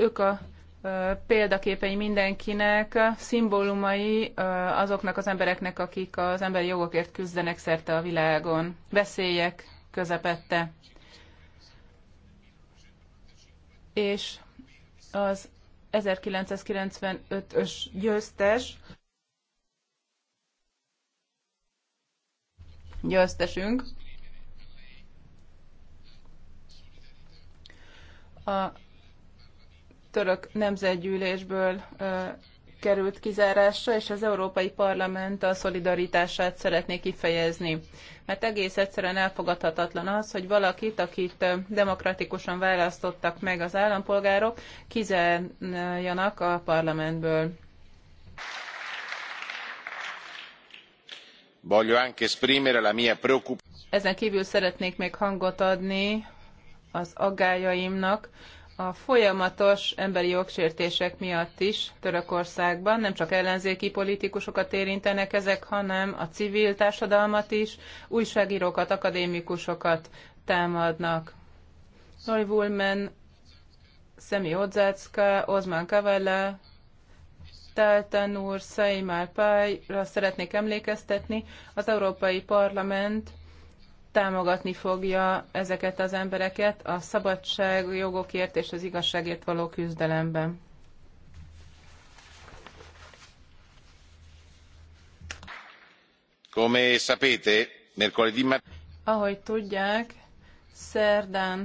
ők a példaképei mindenkinek, szimbólumai azoknak az embereknek, akik az emberi jogokért küzdenek szerte a világon, veszélyek közepette. És az 1995-ös győztes, győztesünk, a török nemzetgyűlésből került kizárásra, és az Európai Parlament a szolidaritását szeretné kifejezni. Mert egész egyszerűen elfogadhatatlan az, hogy valakit, akit demokratikusan választottak meg az állampolgárok, kizárjanak a parlamentből. Voglio anche esprimere la mia preoccupazione. Ezen kívül szeretnék még hangot adni az aggájaimnak, a folyamatos emberi jogsértések miatt is Törökországban nem csak ellenzéki politikusokat érintenek ezek, hanem a civil társadalmat is, újságírókat, akadémikusokat támadnak. Lori Wulmen, Szemi Odzecka, Ozman Kavala, Telten úr, Szeimál Pály, szeretnék emlékeztetni. Az Európai Parlament támogatni fogja ezeket az embereket a szabadság, jogokért és az igazságért való küzdelemben. Come sapete, mercoledì Ahogy tudják, szerdán